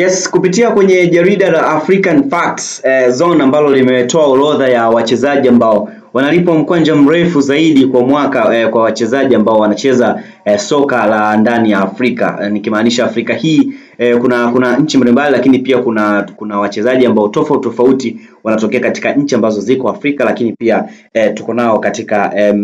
Yes, kupitia kwenye jarida la African Facts eh, Zone ambalo limetoa orodha ya wachezaji ambao wanalipwa mkwanja mrefu zaidi kwa mwaka eh, kwa wachezaji ambao wanacheza eh, soka la ndani ya Afrika eh, nikimaanisha Afrika hii eh, kuna kuna nchi mbalimbali, lakini pia kuna kuna wachezaji ambao tofauti tofauti wanatokea katika nchi ambazo ziko Afrika, lakini pia eh, tuko nao katika eh,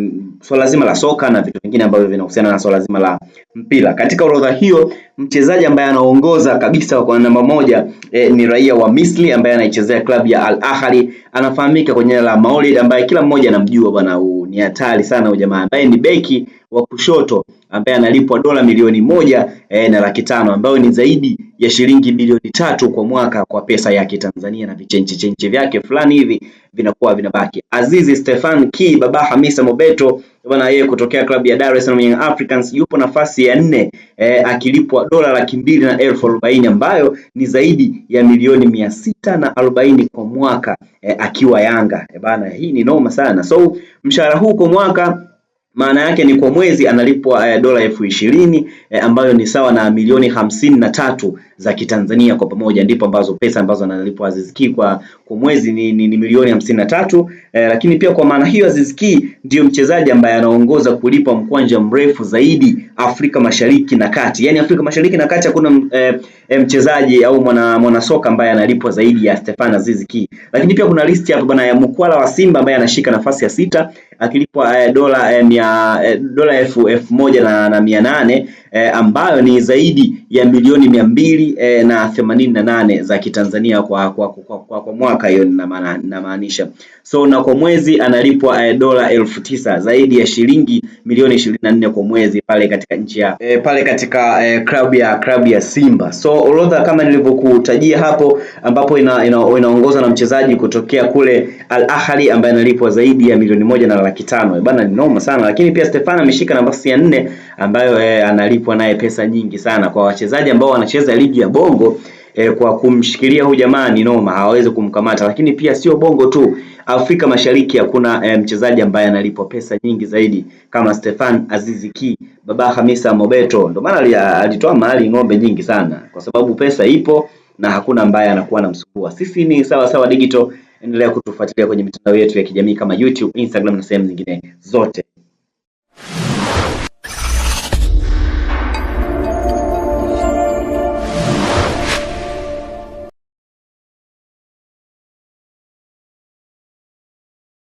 swala zima la soka na vitu vingine ambavyo vinahusiana na swala zima la mpira. Katika orodha hiyo mchezaji ambaye anaongoza kabisa kwa namba moja eh, ni raia wa Misri ambaye anaichezea klabu ya Al Ahly, anafahamika kwa jina la Maulid, ambaye kila mmoja anamjua bwana, ni hatari sana huyu jamaa ambaye ni beki wa kushoto ambaye analipwa dola milioni moja e, na laki tano ambayo ni zaidi ya shilingi milioni tatu kwa mwaka kwa pesa ya Kitanzania na vichenche chenche vyake fulani hivi vinakuwa vinabaki. Azizi Stefan Ki, baba Hamisa Mobeto bwana, yeye kutokea klabu ya Dar es Salaam Young Africans yupo nafasi ya nne e, akilipwa dola laki mbili na elfu arobaini ambayo ni zaidi ya milioni mia sita na arobaini kwa mwaka e, akiwa Yanga e, bana, hii ni noma sana. So mshahara huu kwa mwaka maana yake ni kwa mwezi analipwa eh, dola elfu ishirini eh, ambayo ni sawa na milioni hamsini na tatu za Kitanzania kwa pamoja, ndipo ambazo pesa ambazo analipwa Aziz Ki kwa kwa mwezi ni, ni, ni milioni hamsini na tatu eh, lakini pia kwa maana hiyo Aziz Ki ndiyo mchezaji ambaye anaongoza kulipa mkwanja mrefu zaidi Afrika Mashariki na Kati. Yaani Afrika Mashariki na Kati hakuna eh, eh mchezaji au mwana mwanasoka ambaye analipwa zaidi ya Stefan Aziz Ki. Lakini pia kuna listi hapa bana ya Mkwala wa Simba ambaye anashika nafasi ya sita akilipwa eh, dola eh, mia, eh, dola elfu moja na, na mia nane e, ambayo ni zaidi ya milioni mia mbili e, na themanini na nane za Kitanzania kwa, kwa, kwa, kwa, kwa mwaka hiyo namaanisha. So na kwa mwezi analipwa e, dola elfu tisa zaidi ya shilingi milioni ishirini na nne kwa mwezi pale katika nchi ya e, pale katika e, klabu ya klabu ya Simba. So orodha kama nilivyokutajia hapo, ambapo ina, ina, inaongozwa na mchezaji kutokea kule Al Ahly ambaye analipwa zaidi ya milioni moja na laki tano. Bana ni noma sana, lakini pia Stefano ameshika nafasi ya nne ambayo e, analipwa analipwa naye pesa nyingi sana. Kwa wachezaji ambao wanacheza ligi ya Bongo eh, kwa kumshikilia huyu jamaa ni noma, hawawezi kumkamata. Lakini pia sio Bongo tu, Afrika Mashariki hakuna eh, mchezaji ambaye analipwa pesa nyingi zaidi kama Stefan Azizi Ki, Baba Hamisa Mobeto. Ndio maana alitoa mahali ng'ombe nyingi sana, kwa sababu pesa ipo na hakuna ambaye anakuwa anamsumbua. Sisi ni sawa sawa digital, endelea kutufuatilia kwenye mitandao yetu ya kijamii kama YouTube, Instagram na sehemu zingine zote.